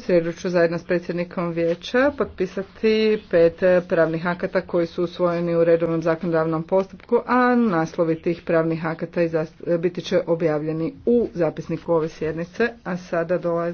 srijedu ću zajedno s predsjednikom vijeća potpisati pet pravnih akata koji su usvojeni u redovnom zakonodavnom postupku, a naslovi tih pravnih akata biti će objavljeni u zapisniku ove sjednice, a sada dolazi